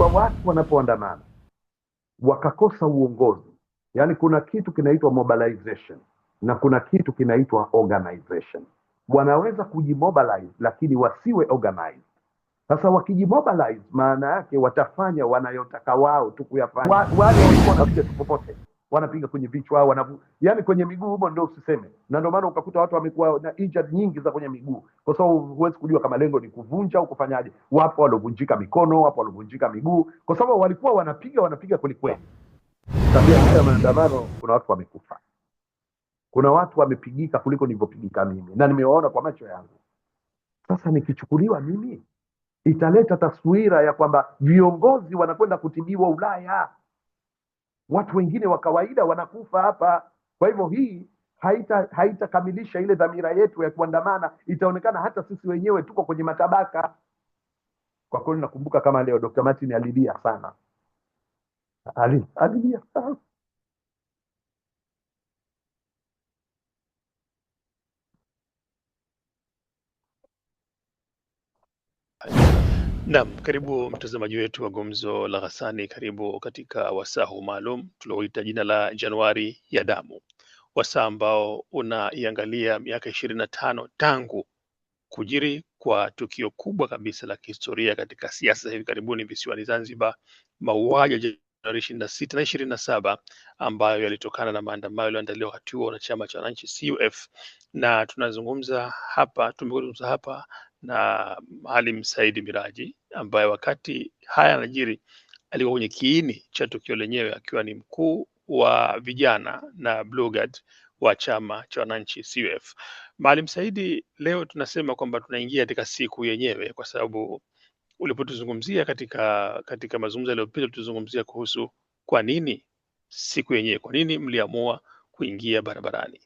kwamba watu wanapoandamana wakakosa uongozi, yani kuna kitu kinaitwa mobilization na kuna kitu kinaitwa organization. Wanaweza kujimobilize lakini wasiwe organized. Sasa wakijimobilize, maana yake watafanya wanayotaka wao tu kuyafanya, wale walikuwa na popote wanapiga kwenye vichwa, wanavu yani kwenye miguu humo ndio usiseme, na ndio maana ukakuta watu wamekuwa na injured nyingi za kwenye miguu, kwa sababu huwezi kujua kama lengo ni kuvunja au kufanyaje. Wapo walovunjika mikono, wapo walovunjika miguu, kwa sababu walikuwa wanapiga wanapiga kweli kweli. Tabia ya maandamano, kuna watu wamekufa, kuna watu wamepigika kuliko nilivyopigika mimi, na nimewaona kwa macho yangu. Sasa nikichukuliwa mimi, italeta taswira ya kwamba viongozi wanakwenda kutibiwa Ulaya watu wengine wa kawaida wanakufa hapa. Kwa hivyo hii haitakamilisha haita ile dhamira yetu ya kuandamana, itaonekana hata sisi wenyewe tuko kwenye matabaka. Kwa kweli nakumbuka kama leo Dr. Martin alilia sana, alilia sana. Naam, karibu mtazamaji wetu wa Gumzo la Ghassani, karibu katika wasaa huu maalum tulioita jina la Januari ya Damu, wasaa ambao unaiangalia miaka ishirini na tano tangu kujiri kwa tukio kubwa kabisa la kihistoria katika siasa hivi karibuni visiwani Zanzibar, mauaji Januari ishirini na sita na ishirini na saba ambayo yalitokana na maandamano yaliyoandaliwa wakati huo na chama cha wananchi CUF, na tunazungumza hapa, tumezungumza hapa na Maalim Saidi Miraji ambaye wakati haya yanajiri alikuwa kwenye kiini cha tukio lenyewe akiwa ni mkuu wa vijana na Blue Guard wa chama cha wananchi CUF. Maalim Saidi, leo tunasema kwamba tunaingia katika siku yenyewe, kwa sababu ulipotuzungumzia katika katika mazungumzo yaliyopita, tulizungumzia kuhusu kwa nini siku yenyewe, kwa nini mliamua kuingia barabarani.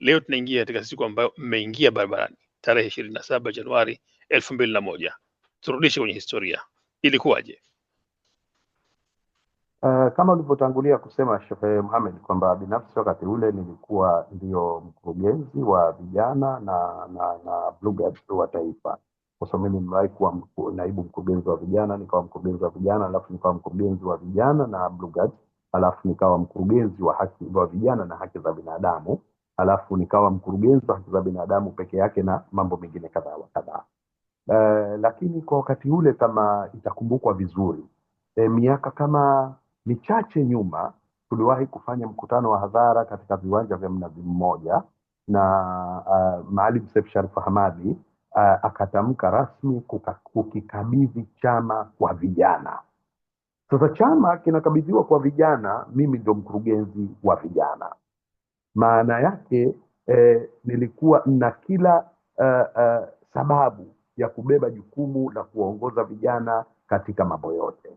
Leo tunaingia katika siku ambayo mmeingia barabarani tarehe ishirini na saba Januari elfu mbili na moja. Turudishe kwenye historia, ilikuwaje? Uh, kama ulivyotangulia kusema Shehe Mohamed kwamba binafsi wakati ule nilikuwa ndio mkurugenzi wa vijana na, na, na wa taifa kwa sababu mimi nimewahi kuwa naibu mkurugenzi wa vijana, nikawa mkurugenzi wa vijana, alafu nikawa mkurugenzi wa vijana na Blueguard, alafu nikawa mkurugenzi wa haki wa vijana na haki za binadamu, alafu nikawa mkurugenzi wa haki za binadamu peke yake na mambo mengine kadhaa wa kadhaa. Uh, lakini kwa wakati ule kama itakumbukwa vizuri e, miaka kama michache nyuma tuliwahi kufanya mkutano wa hadhara katika viwanja vya Mnazi Mmoja na uh, Maalim Seif Sharif Hamadi uh, akatamka rasmi kukikabidhi chama kwa vijana. Sasa chama kinakabidhiwa kwa vijana, mimi ndio mkurugenzi wa vijana. Maana yake eh, nilikuwa na kila uh, uh, sababu ya kubeba jukumu la kuwaongoza vijana katika mambo yote.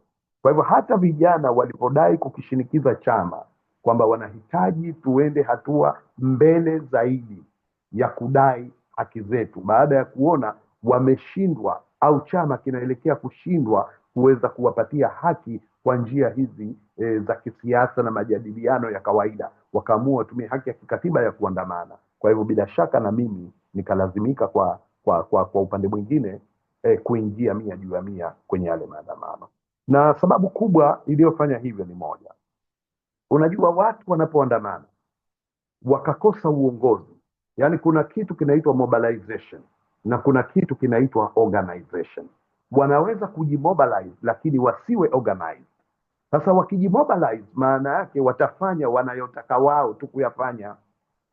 Kwa hivyo hata vijana walipodai kukishinikiza chama kwamba wanahitaji tuende hatua mbele zaidi ya kudai haki zetu, baada ya kuona wameshindwa au chama kinaelekea kushindwa kuweza kuwapatia haki kwa njia hizi e, za kisiasa na majadiliano ya kawaida, wakaamua watumie haki ya kikatiba ya kuandamana. Kwa hivyo bila shaka na mimi nikalazimika kwa kwa, kwa, kwa upande mwingine e, kuingia mia juu ya mia kwenye yale maandamano, na sababu kubwa iliyofanya hivyo ni moja, unajua watu wanapoandamana wakakosa uongozi yaani kuna kitu kinaitwa mobilization na kuna kitu kinaitwa organization wanaweza kujimobilize lakini wasiwe organized sasa wakijimobilize maana yake watafanya wanayotaka wao tu kuyafanya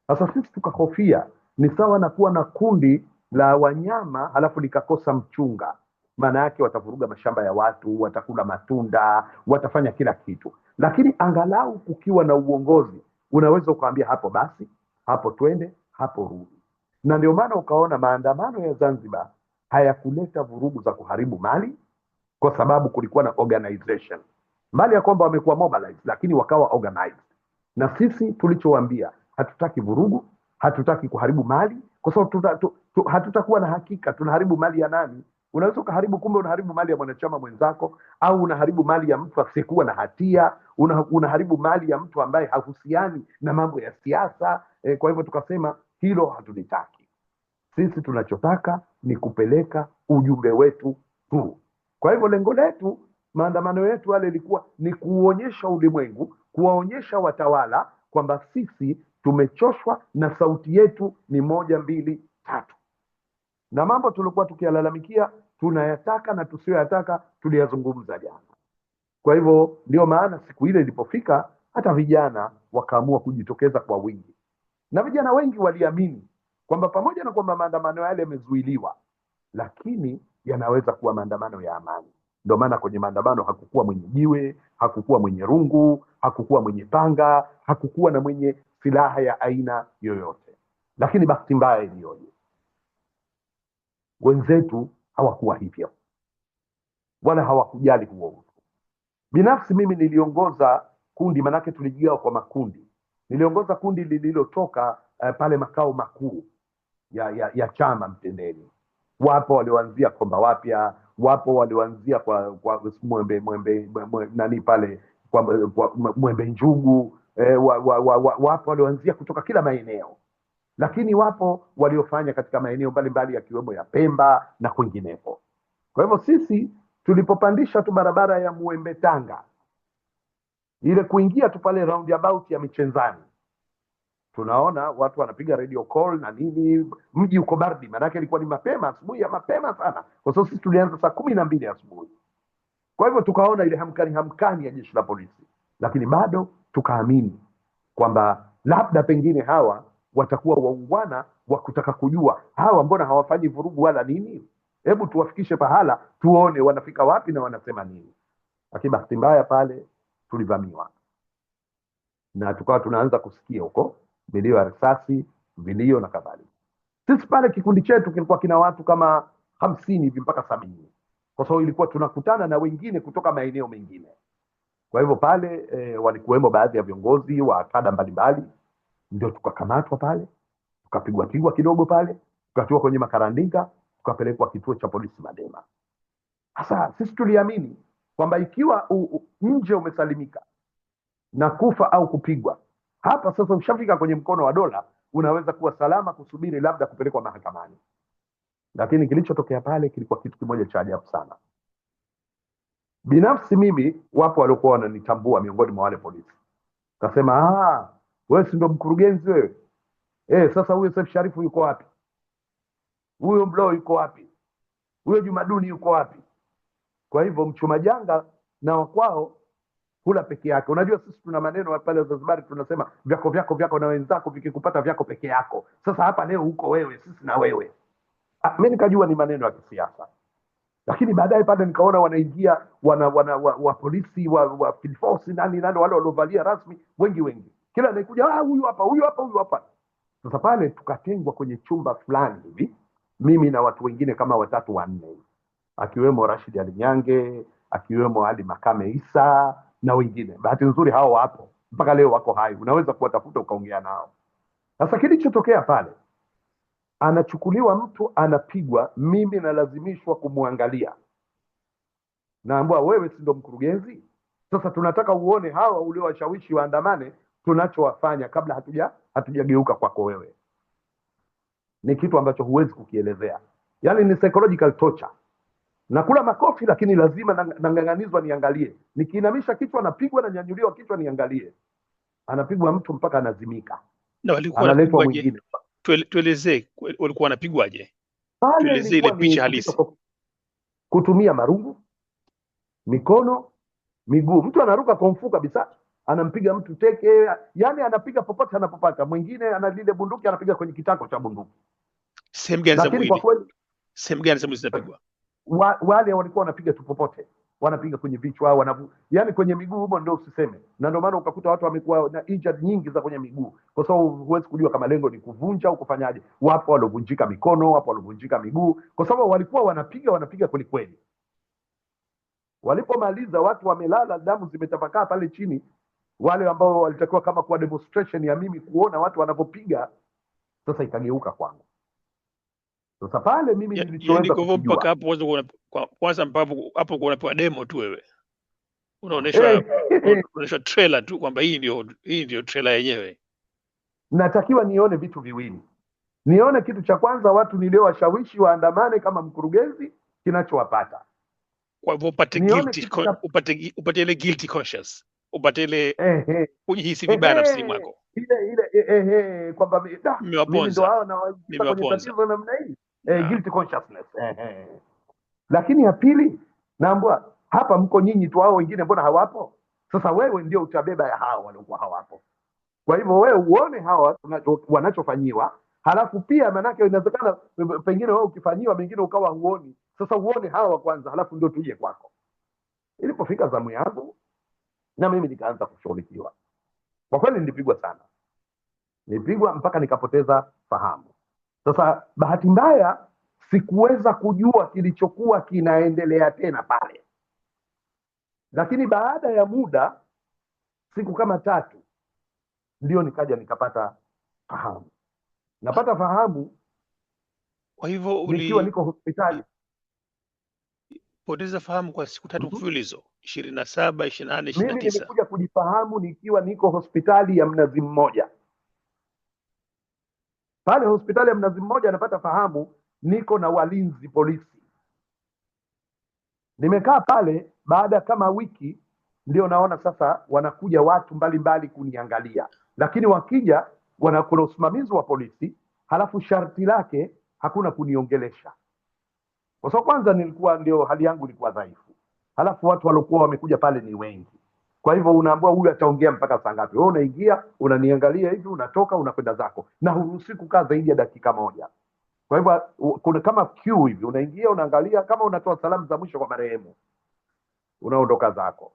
sasa sisi tukahofia ni sawa na kuwa na kundi la wanyama halafu likakosa mchunga maana yake watavuruga mashamba ya watu watakula matunda watafanya kila kitu lakini angalau kukiwa na uongozi unaweza ukaambia hapo basi hapo twende hapo rudi. na ndio maana ukaona maandamano ya Zanzibar hayakuleta vurugu za kuharibu mali, kwa sababu kulikuwa na organization. Mbali ya kwamba wamekuwa mobilized, lakini wakawa organized. Na sisi tulichowaambia, hatutaki vurugu, hatutaki kuharibu mali, kwa sababu hatutakuwa na hakika tunaharibu mali ya nani. Unaweza ukaharibu, kumbe unaharibu mali ya mwanachama mwenzako, au unaharibu mali ya mtu asiyekuwa na hatia, unaharibu mali ya mtu ambaye hahusiani na mambo ya siasa. E, kwa hivyo tukasema hilo hatulitaki sisi. Tunachotaka ni kupeleka ujumbe wetu tu. Kwa hivyo lengo letu, maandamano yetu yale ilikuwa ni kuuonyesha ulimwengu, kuwaonyesha watawala kwamba sisi tumechoshwa na sauti yetu ni moja, mbili, tatu, na mambo tuliokuwa tukiyalalamikia tunayataka na tusiyoyataka tuliyazungumza jana. Kwa hivyo ndio maana siku ile ilipofika, hata vijana wakaamua kujitokeza kwa wingi na vijana wengi waliamini kwamba pamoja na kwamba maandamano yale yamezuiliwa, lakini yanaweza kuwa maandamano ya amani. Ndio maana kwenye maandamano hakukuwa mwenye jiwe, hakukuwa mwenye rungu, hakukuwa mwenye panga, hakukuwa na mwenye silaha ya aina yoyote. Lakini bahati mbaya iliyoje, wenzetu hawakuwa hivyo, wala hawakujali huo utu. Binafsi mimi niliongoza kundi, manake tulijigawa kwa makundi Niliongoza kundi lililotoka uh, pale makao makuu ya, ya, ya chama Mtendeni. Wapo walioanzia Komba Wapya, wapo walioanzia kwa, kwa mwembe, mwembe, mwembe nani pale kwa, kwa Mwembe Njugu eh, wa, wa, wa, wa, wapo walioanzia kutoka kila maeneo, lakini wapo waliofanya katika maeneo mbalimbali yakiwemo ya Pemba na kwingineko. Kwa hivyo sisi tulipopandisha tu barabara ya Mwembe Tanga ile kuingia tu pale round ya michezani tunaona watu wanapiga radio call na nini, mji uko bardi Maanake ilikuwa ni mapema asubuhi ya mapema sana, kwa sababu sisi tulianza saa kumi na mbili asubuhi. Kwa hivyo tukaona ile hamkani hamkani ya jeshi la polisi, lakini bado tukaamini kwamba labda pengine hawa watakuwa waungwana wa kutaka kujua hawa mbona hawafanyi vurugu wala nini, hebu tuwafikishe pahala tuone wanafika wapi na wanasema nini. Lakini bahati mbaya pale tulivamiwa, na tukawa tunaanza kusikia huko milio ya risasi, vilio na kadhalika. Sisi pale kikundi chetu kilikuwa kina watu kama hamsini hivi mpaka sabini kwa sababu ilikuwa tunakutana na wengine kutoka maeneo mengine. Kwa hivyo pale e, walikuwemo baadhi ya viongozi wa kada mbalimbali, ndio tukakamatwa pale, tukapigwa pigwa kidogo pale, tukatiwa kwenye makarandinga, tukapelekwa kituo cha polisi Madema. Sasa sisi tuliamini kwamba ikiwa u, u, nje umesalimika na kufa au kupigwa, hapa sasa ushafika kwenye mkono wa dola, unaweza kuwa salama kusubiri labda kupelekwa mahakamani. Lakini kilichotokea pale kilikuwa kitu kimoja cha ajabu sana. Binafsi mimi, wapo waliokuwa wananitambua miongoni mwa wale polisi, kasema ah, wewe si ndo mkurugenzi wewe? Eh, sasa huyo Sefu Sharifu yuko wapi? Huyo Mlo yuko wapi? Huyo Jumaduni yuko wapi? Kwa hivyo mchuma janga na wakwao kula peke yake. Unajua sisi tuna maneno pale Zanzibari tunasema vyako vyako vyako na wenzako, vikikupata vyako peke yako. Sasa hapa leo huko wewe, sisi na wewe. Mimi ah, nikajua ni maneno ya kisiasa, lakini baadaye pale nikaona wanaingia wana, wana, wa, wa polisi wa, wa field force nani nani, wale waliovalia rasmi wengi wengi, kila anayekuja ah, huyu hapa huyu hapa huyu hapa. Sasa pale tukatengwa kwenye chumba fulani hivi, mimi na watu wengine kama watatu wanne hivi akiwemo Rashid alinyange akiwemo Ali Makame Isa na wengine. Bahati nzuri hao wapo mpaka leo, wako hai, unaweza kuwatafuta ukaongea nao. Sasa kilichotokea pale, anachukuliwa mtu anapigwa, mimi nalazimishwa kumwangalia, naambiwa wewe, si ndo mkurugenzi? Sasa tunataka uone hawa uliowashawishi waandamane tunachowafanya kabla hatuja hatujageuka kwako wewe. Ni kitu ambacho huwezi kukielezea, yaani ni psychological torture nakula makofi lakini lazima nang'ang'anizwa, niangalie. Nikiinamisha kichwa napigwa, nanyanyuliwa kichwa niangalie. Anapigwa mtu mpaka anazimika, analetwa mwingine. Tuelezee walikuwa wanapigwaje, tuelezee ile picha halisi. Kutumia marungu, mikono, miguu. Mtu anaruka komfu kabisa, anampiga mtu teke, yani anapiga popote anapopata. Mwingine ana lile bunduki, anapiga kwenye kitako cha bunduki. Sehemu gani za mwili zinapigwa? wa, wale walikuwa wanapiga tu popote, wanapiga kwenye vichwa, wanavu yani kwenye miguu humo ndio usiseme, na ndio maana ukakuta watu wamekuwa na injury nyingi za kwenye miguu, kwa sababu huwezi kujua kama lengo ni kuvunja au kufanyaje. Wapo walovunjika mikono, wapo walovunjika miguu, kwa sababu walikuwa wanapiga wanapiga kweli kweli. Walipomaliza watu wamelala, damu zimetapakaa pale chini. Wale ambao walitakiwa kama kwa demonstration ya mimi kuona watu wanavyopiga, sasa ikageuka kwangu. Sasa pale mimi nilichoweza mpaka hapo kwanza, mpapo hapo kunapewa demo tu, wewe unaonyeshwa eh. unaonyeshwa trailer tu kwamba hii ndio hii ndio trailer yenyewe. Natakiwa nione vitu viwili, nione kitu cha kwanza, watu niliowashawishi waandamane kama mkurugenzi, kinachowapata kwa hivyo upate guilty upate upate ile guilty conscious upate ile kujihisi vibaya nafsi mwako ile ile, ehe kwamba mimi ndo hao na wao tatizo namna hii eh, guilty consciousness eh, eh, eh. Lakini ya pili naambua hapa mko nyinyi tu, hao wengine mbona hawapo? Sasa wewe ndio utabeba ya hao waliokuwa hawapo. Kwa hivyo wewe uone hawa wanachofanyiwa, halafu pia maanake inawezekana pengine wewe ukifanyiwa, mengine ukawa huoni. Sasa uone hawa kwanza, halafu ndio tuje kwako. Ilipofika zamu yangu na mimi nikaanza kushughulikiwa, kwa kweli nilipigwa sana, nilipigwa mpaka nikapoteza fahamu. Sasa bahati mbaya sikuweza kujua kilichokuwa kinaendelea tena pale, lakini baada ya muda, siku kama tatu, ndio nikaja nikapata fahamu, napata fahamu. Kwa hivyo uli... nikiwa niko hospitali poteza fahamu kwa siku tatu mhm. mfululizo ishirini na saba ishirini na nane ishirini na tisa. Mimi nilikuja kujifahamu nikiwa niko hospitali ya Mnazi Mmoja, pale hospitali ya Mnazi Mmoja anapata fahamu, niko na walinzi polisi. Nimekaa pale baada kama wiki, ndio naona sasa wanakuja watu mbalimbali kuniangalia, lakini wakija wana kuna usimamizi wa polisi, halafu sharti lake hakuna kuniongelesha kwa sababu kwanza nilikuwa ndio hali yangu ilikuwa dhaifu, halafu watu waliokuwa wamekuja pale ni wengi. Kwa hivyo unaambua huyu ataongea mpaka saa ngapi. Wewe unaingia unaniangalia hivi, unatoka unakwenda zako, na huruhusi kukaa zaidi ya dakika moja. Kwa hivyo kuna kama queue hivi, unaingia unaangalia, kama unatoa salamu za mwisho kwa marehemu, unaondoka zako.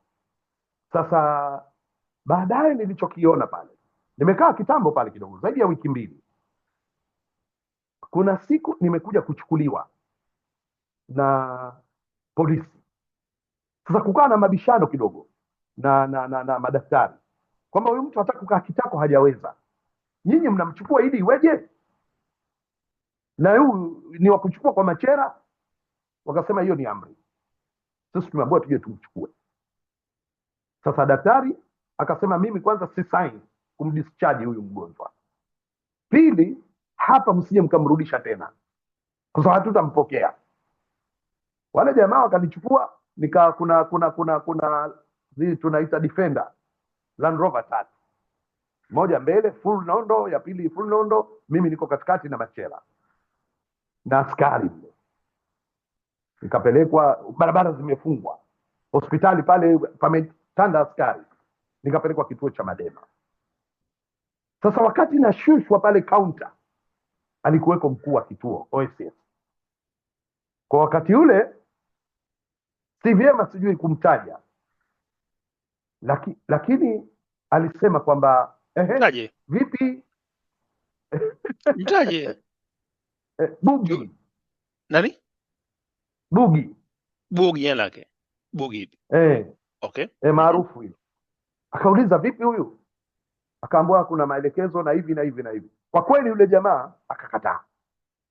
Sasa baadaye nilichokiona pale, nimekaa kitambo pale kidogo, zaidi ya wiki mbili. Kuna siku nimekuja kuchukuliwa na polisi. Sasa kukaa na mabishano kidogo na na, na, na madaktari kwamba huyu mtu hataka kukaa kitako hajaweza, nyinyi mnamchukua ili iweje? Na huyu ni wakuchukua kwa machera? Wakasema hiyo ni amri, sisi tumeambiwa tuje tumchukue. Sasa daktari akasema mimi kwanza si sign kumdischarge huyu mgonjwa, pili hapa msije mkamrudisha tena kwa sababu hatutampokea. Wale jamaa wakanichukua nika kuna kuna kuna kuna hii tunaita Defender Land Rover tatu, moja mbele full nondo, ya pili full nondo, mimi niko katikati na machela na askari. Nikapelekwa, barabara zimefungwa, hospitali pale pametanda askari, nikapelekwa kituo cha Madema. Sasa wakati nashushwa pale kaunta, alikuweko mkuu wa kituo OSS. Kwa wakati ule si vyema, sijui kumtaja laki, lakini alisema kwamba vipi mtaje eh, Bugi nani Bugi Bugi jina lake Bugi eh, okay eh, maarufu hiyo. Akauliza vipi huyu, akaambua kuna maelekezo na hivi na hivi na hivi. Kwa kweli yule jamaa akakataa,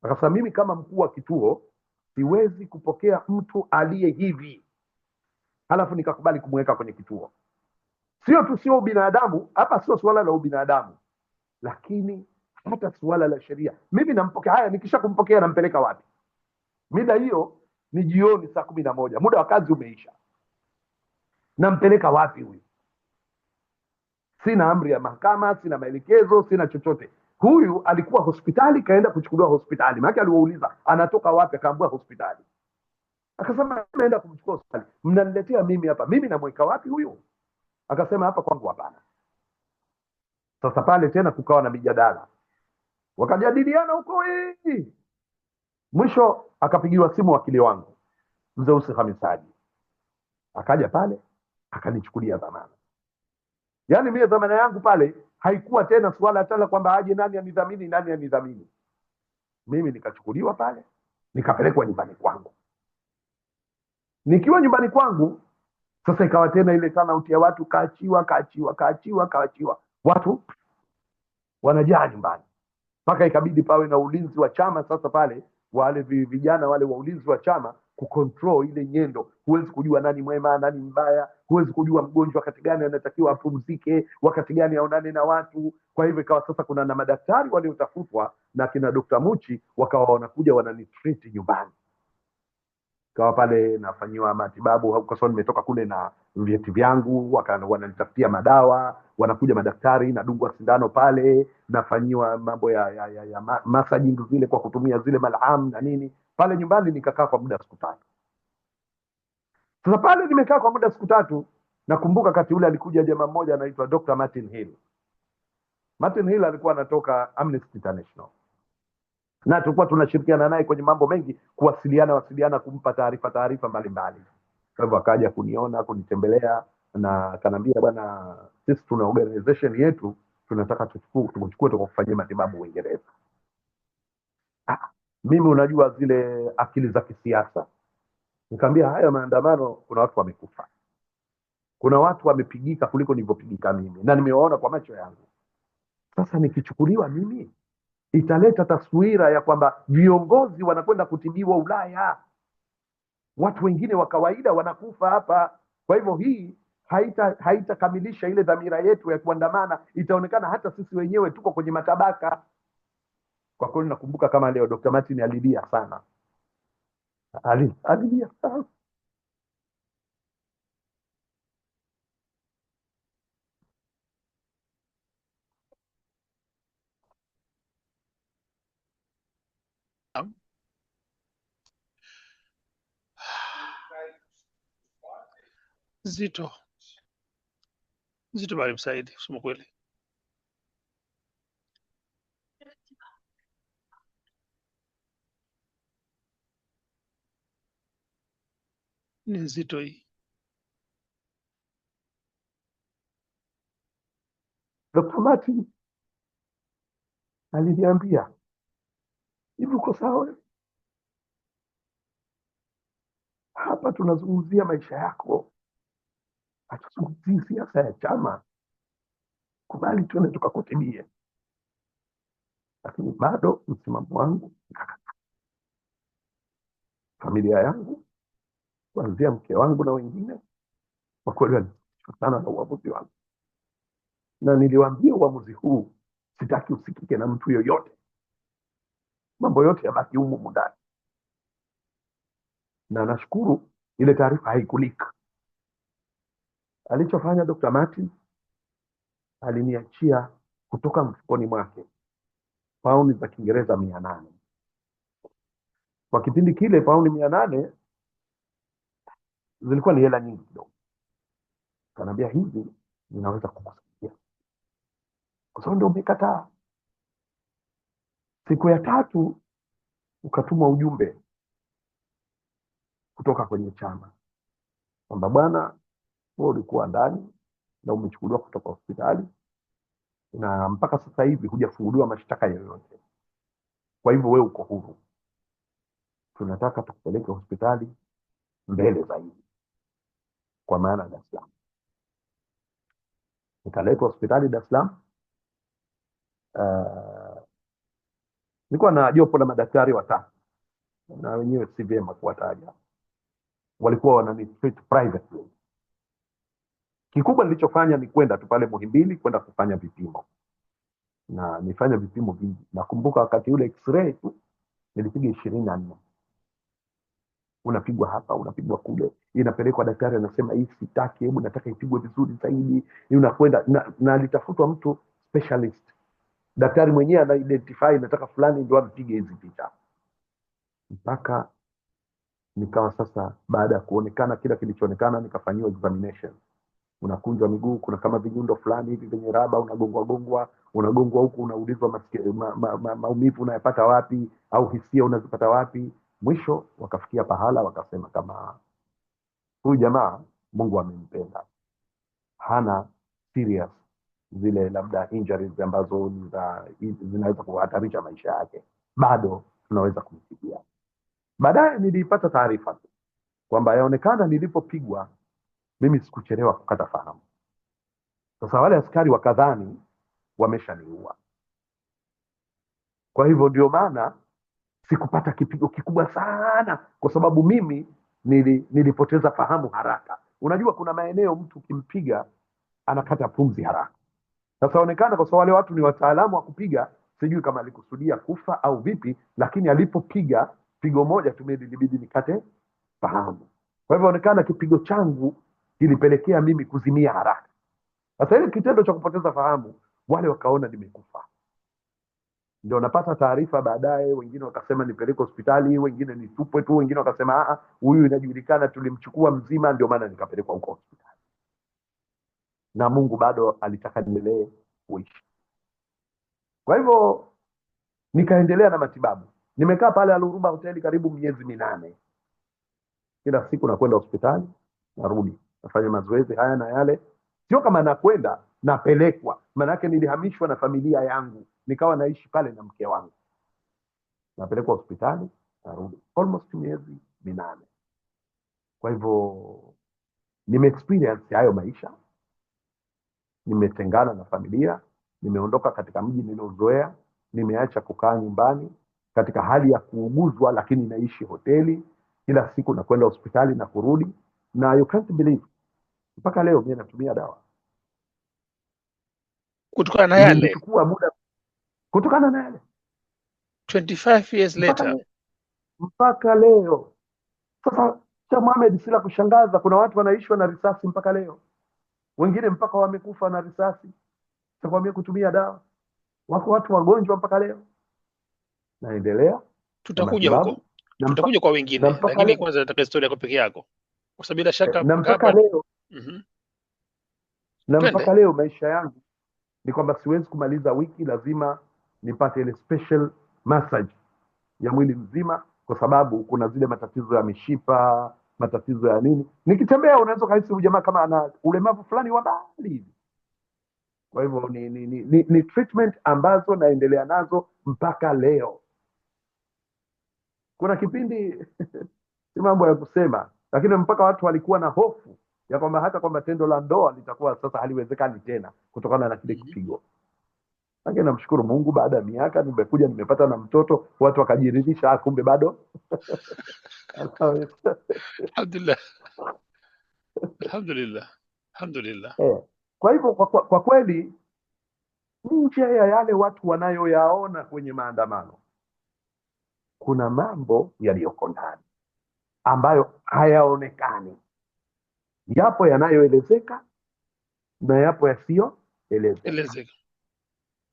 akasema mimi kama mkuu wa kituo siwezi kupokea mtu aliye hivi, halafu nikakubali kumweka kwenye kituo. Sio tu sio ubinadamu hapa, sio suala la ubinadamu, lakini hata suala la sheria. Mimi nampokea haya, nikisha kumpokea nampeleka wapi? Mida hiyo ni jioni, saa kumi na moja, muda wa kazi umeisha, nampeleka wapi huyu? Sina amri ya mahakama, sina maelekezo, sina chochote. Huyu alikuwa hospitali, kaenda kuchukuliwa hospitali. Maana aliwauliza anatoka wapi, akaambua hospitali. Akasema naenda kumchukua hospitali, mnaniletea mimi hapa, mimi namweka wapi huyu? Akasema hapa kwangu hapana. Sasa pale tena kukawa na mijadala, wakajadiliana huko wengi mwisho akapigiwa simu wakili wangu Mzeusi Khamis akaja pale akanichukulia dhamana. Yaani mie dhamana yangu pale haikuwa tena suala tala kwamba aje nani anidhamini nani anidhamini. Mimi nikachukuliwa pale nikapelekwa nyumbani kwangu. Nikiwa nyumbani kwangu sasa ikawa tena ile tanauti ya watu kaachiwa, kaachiwa, kaachiwa, kaachiwa, watu wanajaa nyumbani, mpaka ikabidi pawe na ulinzi wa chama. Sasa pale wale vijana wale wa ulinzi wa chama kucontrol ile nyendo. Huwezi kujua nani mwema nani mbaya, huwezi kujua mgonjwa wakati gani anatakiwa apumzike, wakati gani aonane na watu. Kwa hivyo ikawa sasa kuna na madaktari waliotafutwa na kina Dokta Muchi wakawa wanakuja wananitreat nyumbani kawa pale nafanyiwa matibabu kwa sababu nimetoka kule na vyeti vyangu, wananitafutia madawa, wanakuja madaktari, nadungwa sindano pale, nafanyiwa mambo ya, ya, ya, ya massaging zile kwa kutumia zile malham na nini pale nyumbani. Nikakaa kwa muda siku tatu. Sasa pale nimekaa kwa muda siku tatu, nakumbuka kati ule alikuja jamaa mmoja anaitwa Dr. Martin Hill. Martin Hill alikuwa anatoka Amnesty International na tulikuwa tunashirikiana naye kwenye mambo mengi, kuwasiliana wasiliana, kumpa taarifa taarifa mbalimbali. Kwa hivyo akaja kuniona kunitembelea, na akanaambia bwana, sisi tuna organization yetu tunataka tukuchukue tukakufanyia matibabu Uingereza. Ah, mimi unajua zile akili za kisiasa, nikaambia haya maandamano, kuna watu wamekufa, kuna watu wamepigika kuliko nilivyopigika mimi, na nimewaona kwa macho yangu. Sasa nikichukuliwa mimi italeta taswira ya kwamba viongozi wanakwenda kutibiwa Ulaya, watu wengine wa kawaida wanakufa hapa. Kwa hivyo hii haitakamilisha haita ile dhamira yetu ya kuandamana, itaonekana hata sisi wenyewe tuko kwenye matabaka. Kwa kweli nakumbuka kama leo Dr. Martin alilia sana, alilia sana. Zito Zito bali msaidi kusema kweli. Ni nzito hii. Dr. Martin aliniambia hivi, uko sawa? Hapa tunazungumzia maisha yako hatusukutii siasa ya chama, kubali tuende tukakotibie. Lakini bado msimamo wangu nikakata familia yangu kuanzia mke wangu na wengine, kwa kweli sana na uamuzi wangu, na niliwaambia uamuzi huu sitaki usikike na mtu yoyote, mambo yote yabaki humu mundani, na nashukuru ile taarifa haikulika Alichofanya Dr. Martin aliniachia kutoka mfukoni mwake pauni za Kiingereza mia nane. Kwa kipindi kile pauni mia nane zilikuwa ni hela nyingi kidogo. Kanaambia hivi ninaweza kukusaidia kwa sababu ndio umekataa. Siku ya tatu ukatumwa ujumbe kutoka kwenye chama kwamba bwana, wewe ulikuwa ndani na umechukuliwa kutoka hospitali na mpaka sasa hivi hujafunguliwa mashtaka yoyote, kwa hivyo wewe uko huru. Tunataka tukupeleke hospitali mbele zaidi, kwa maana ya Dar es Salaam. Nikaletwa hospitali Dar es Salaam. Uh, nilikuwa na jopo la madaktari watatu na wenyewe si vyema kuwataja, walikuwa wanani treat privately Kikubwa nilichofanya ni kwenda tu pale Muhimbili kwenda kufanya vipimo na nifanya vipimo vingi. Nakumbuka wakati ule x-ray tu nilipiga ishirini na nne. Unapigwa hapa, unapigwa kule, inapelekwa daktari anasema hii sitaki, hebu nataka ipigwe vizuri zaidi. Unakwenda na, na alitafutwa mtu specialist, daktari mwenyewe ana identify nataka fulani ndio apige hizi picha, mpaka nikawa sasa, baada ya kuonekana kila kilichoonekana, nikafanyiwa examination unakunjwa miguu, kuna kama vinyundo fulani hivi vyenye raba, unagongwa gongwa, unagongwa huku, unaulizwa maumivu ma, ma, ma, unayapata wapi, au hisia unazipata wapi? Mwisho wakafikia pahala wakasema kama huyu jamaa Mungu amempenda, hana serious zile labda injuries ambazo zinaweza kuhatarisha maisha yake, bado tunaweza kumsaidia. Baadaye nilipata taarifa kwamba yaonekana nilipopigwa mimi sikuchelewa kukata fahamu. Sasa wale askari wakadhani wameshaniua, kwa hivyo ndio maana sikupata kipigo kikubwa sana, kwa sababu mimi nili, nilipoteza fahamu haraka. Unajua kuna maeneo mtu ukimpiga anakata pumzi haraka. Sasa onekana, kwa sababu wale watu ni wataalamu wa kupiga, sijui kama alikusudia kufa au vipi, lakini alipopiga pigo moja tu mimi ilibidi nikate fahamu. Kwa hivyo onekana kipigo changu kilipelekea mimi kuzimia haraka. Sasa ile kitendo cha kupoteza fahamu, wale wakaona nimekufa, ndio napata taarifa baadaye. Wengine wakasema nipeleke hospitali, wengine nitupwe tu, wengine wakasema a, ah, ah, huyu inajulikana, tulimchukua mzima, ndio maana nikapelekwa huko hospitali, na Mungu bado alitaka niendelee kuishi. Kwa hivyo nikaendelea na matibabu, nimekaa pale Aluruba hoteli karibu miezi minane, kila siku nakwenda hospitali narudi nafanya mazoezi haya na yale, sio kama nakwenda napelekwa. Maanake nilihamishwa na familia yangu, nikawa naishi pale na mke wangu, napelekwa hospitali, narudi almost miezi minane. Kwa hivyo nimeexperience hayo maisha, nimetengana na familia, nimeondoka katika mji niliozoea, nimeacha kukaa nyumbani katika hali ya kuuguzwa, lakini naishi hoteli kila siku, nakwenda hospitali na kurudi na you can't believe mpaka leo mimi natumia dawa kutokana na yale, nilichukua muda kutokana na yale 25 years mpaka later, mpaka leo sasa. Cha Mohamed, sila kushangaza, kuna watu wanaishwa na risasi mpaka leo, wengine mpaka wamekufa na risasi takwamia kutumia dawa. Wako watu wagonjwa mpaka leo, naendelea tutakuja huko, tutakuja kwa wengine, lakini kwanza nataka historia yako peke yako kwa sababu bila shaka eh, na mpaka leo mm -hmm. na mpaka leo maisha yangu ni kwamba siwezi kumaliza wiki, lazima nipate ile special massage ya mwili mzima, kwa sababu kuna zile matatizo ya mishipa, matatizo ya nini. Nikitembea unaweza ukahisi huyu jamaa kama ana ulemavu fulani wa mbali hivi. Kwa hivyo ni, ni, ni, ni, ni treatment ambazo naendelea nazo mpaka leo. Kuna kipindi si mambo ya kusema lakini mpaka watu walikuwa na hofu ya kwamba hata kwamba tendo la ndoa litakuwa sasa haliwezekani tena kutokana na kile mhm. kipigo. Lakini namshukuru Mungu, baada ya miaka nimekuja nimepata na mtoto, watu wakajiridhisha, ah, kumbe bado alhamdulillah, eh, Kwa hivyo kwa, kwa, kwa kweli nje ya yale watu wanayoyaona kwenye maandamano kuna mambo yaliyoko ndani ambayo hayaonekani. Yapo yanayoelezeka na yapo yasiyoelezeka.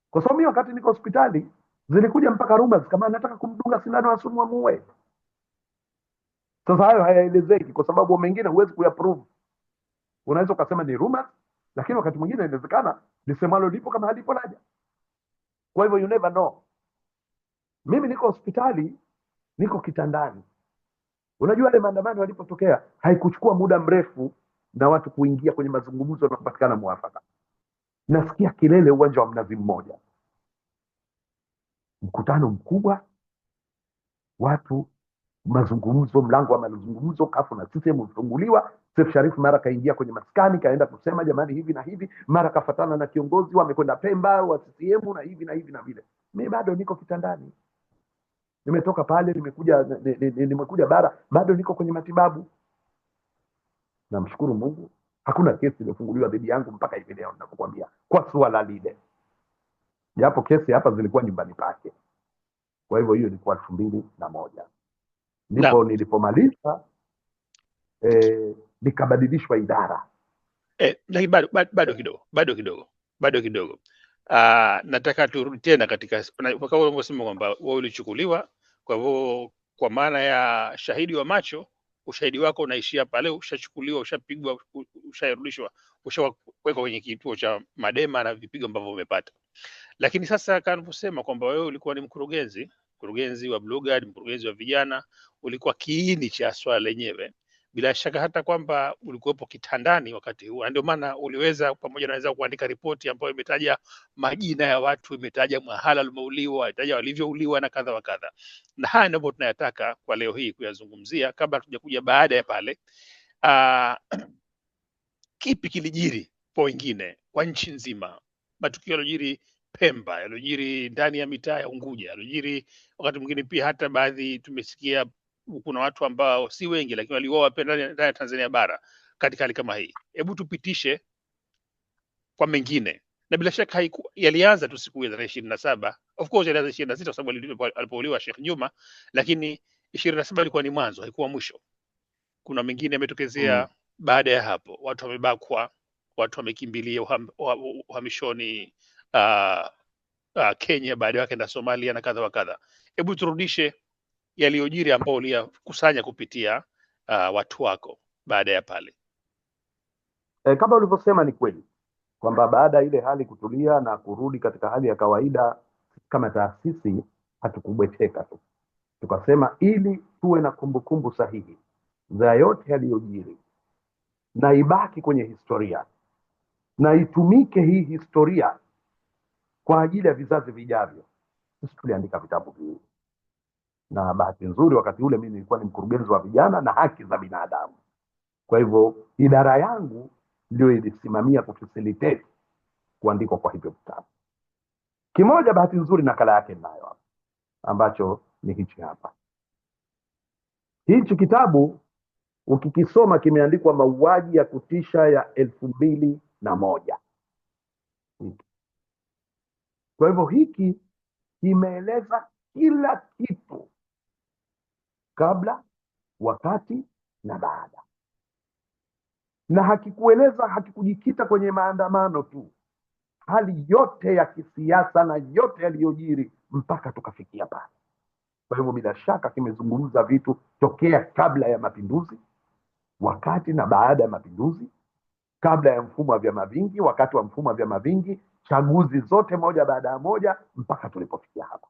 Kwa sababu mi wakati niko hospitali zilikuja mpaka rumba kama nataka kumdunga sindano Assoumy Amuwe. Sasa hayo hayaelezeki kwa sababu mengine huwezi kuyaprove. Unaweza ukasema ni rumors, lakini wakati mwingine inawezekana lisemalo lipo kama halipo laja. Kwa hivyo you never know. Mimi niko hospitali, niko kitandani. Unajua yale maandamano yalipotokea haikuchukua muda mrefu na watu kuingia kwenye mazungumzo na kupatikana mwafaka. Nasikia kilele uwanja wa Mnazi Mmoja, mkutano mkubwa, watu mazungumzo, mlango wa mazungumzo kafu na sisem ulifunguliwa. Seif Sharifu mara kaingia kwenye maskani kaenda kusema jamani, hivi na hivi, mara kafatana na kiongozi wamekwenda Pemba wa CCM na hivi na hivi na vile. Mi bado niko kitandani nimetoka pale nimekuja nimekuja bara bado niko kwenye matibabu namshukuru mungu hakuna kesi iliyofunguliwa dhidi yangu mpaka hivi leo ninapokuambia kwa suala lile japo kesi hapa zilikuwa nyumbani pake kwa hivyo hiyo ilikuwa elfu mbili na moja ndipo nilipomaliza eh, nikabadilishwa idara eh, lakini bado, bado, eh. kidogo bado kidogo bado kidogo uh, nataka turudi tena katika unavyosema kwamba wewe ulichukuliwa kwa hivyo kwa maana ya shahidi wa macho, ushahidi wako unaishia pale, ushachukuliwa, ushapigwa, usharudishwa, ushawekwa kwenye kituo cha madema na vipigo ambavyo umepata. Lakini sasa kanavyosema kwamba wewe ulikuwa ni mkurugenzi, mkurugenzi wa Blue Guard, mkurugenzi wa vijana, ulikuwa kiini cha swala lenyewe bila shaka hata kwamba ulikuwepo kitandani wakati huo, na ndio maana uliweza pamoja naweza kuandika ripoti ambayo imetaja majina ya watu, imetaja mahala walimouliwa, imetaja walivyouliwa na kadha wa kadha. Na haya ndio tunayataka kwa leo hii kuyazungumzia, kabla tujakuja baada ya pale. Uh, kipi kilijiri kwa wengine, kwa nchi nzima, matukio yaliyojiri Pemba, yaliyojiri ndani ya mitaa ya Unguja, yaliyojiri wakati mwingine pia hata baadhi tumesikia kuna watu ambao si wengi, lakini waliuawa pia ndani ya Tanzania bara katika hali kama hii. Hebu tupitishe kwa mengine, na bila shaka haiku, yalianza tu siku ya tarehe ishirini na saba. Of course yalianza ishirini na sita kwa sababu alipouliwa Sheikh Juma, lakini ishirini na saba ilikuwa ni mwanzo, haikuwa mwisho. Kuna mengine yametokezea mm. baada ya hapo, watu wamebakwa, watu wamekimbilia uhamishoni uham, uh, uh, Kenya, baada yake na Somalia na kadha wa kadha. Hebu turudishe yaliyojiri ambao uliyakusanya kupitia uh, watu wako baada ya pale? E, kama ulivyosema ni kweli kwamba baada ya ile hali kutulia na kurudi katika hali ya kawaida, kama taasisi hatukubweteka tu, tukasema ili tuwe na kumbukumbu -kumbu sahihi za yote yaliyojiri na ibaki kwenye historia na itumike hii historia kwa ajili ya vizazi vijavyo. Sisi tuliandika vitabu viwili na bahati nzuri wakati ule mimi nilikuwa ni mkurugenzi wa vijana na haki za binadamu. Kwa hivyo idara yangu ndio ilisimamia kufacilitate kuandikwa kwa hivyo vitabu. Kimoja bahati nzuri nakala yake ninayo hapa, ambacho ni hichi hapa. Hichi kitabu ukikisoma, kimeandikwa mauaji ya kutisha ya elfu mbili na moja. Kwa hivyo hiki kimeeleza kila kitu kabla, wakati na baada, na hakikueleza hakikujikita kwenye maandamano tu, hali yote ya kisiasa na yote yaliyojiri mpaka tukafikia pale. Kwa hivyo, bila shaka kimezungumza vitu tokea kabla ya mapinduzi, wakati na baada ya mapinduzi, kabla ya mfumo wa vyama vingi, wakati wa mfumo wa vyama vingi, chaguzi zote moja baada ya moja, mpaka tulipofikia hapa.